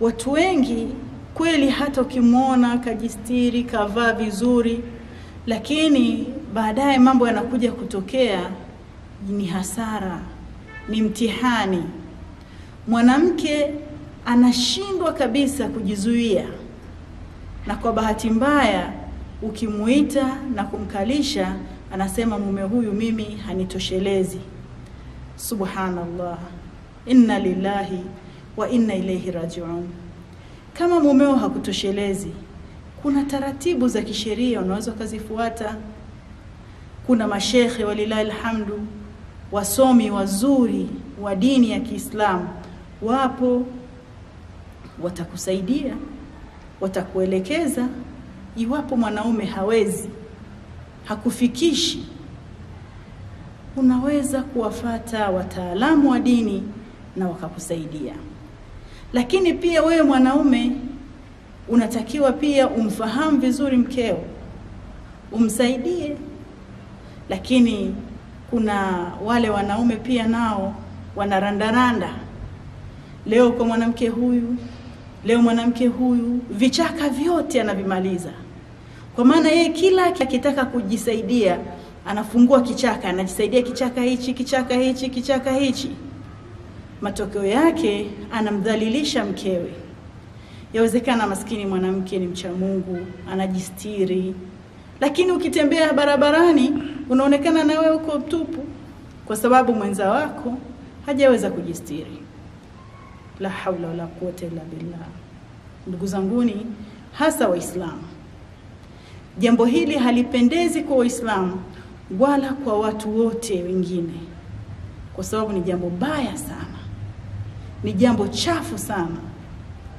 Watu wengi kweli, hata ukimwona kajistiri, kavaa vizuri, lakini baadaye mambo yanakuja kutokea, ni hasara, ni mtihani. Mwanamke anashindwa kabisa kujizuia, na kwa bahati mbaya ukimuita na kumkalisha anasema mume huyu mimi hanitoshelezi. Subhanallah, inna lillahi wa inna ilaihi rajiun. Kama mumeo hakutoshelezi, kuna taratibu za kisheria unaweza ukazifuata. Kuna mashekhe walilahi alhamdu, wasomi wazuri wa dini ya Kiislamu wapo, watakusaidia watakuelekeza. Iwapo mwanaume hawezi hakufikishi, unaweza kuwafata wataalamu wa dini na wakakusaidia. Lakini pia wewe mwanaume unatakiwa pia umfahamu vizuri mkeo, umsaidie. Lakini kuna wale wanaume pia nao wanarandaranda, leo kwa mwanamke huyu, leo mwanamke huyu, vichaka vyote anavimaliza, kwa maana yeye kila akitaka kujisaidia anafungua kichaka, anajisaidia kichaka hichi, kichaka hichi, kichaka hichi Matokeo yake anamdhalilisha mkewe. Yawezekana maskini mwanamke ni mcha Mungu, anajistiri, lakini ukitembea barabarani unaonekana na wewe uko mtupu, kwa sababu mwenza wako hajaweza kujistiri. La haula wala quwwata illa billah. Ndugu zanguni, hasa Waislamu, jambo hili halipendezi kwa Waislamu wala kwa watu wote wengine, kwa sababu ni jambo baya sana ni jambo chafu sana.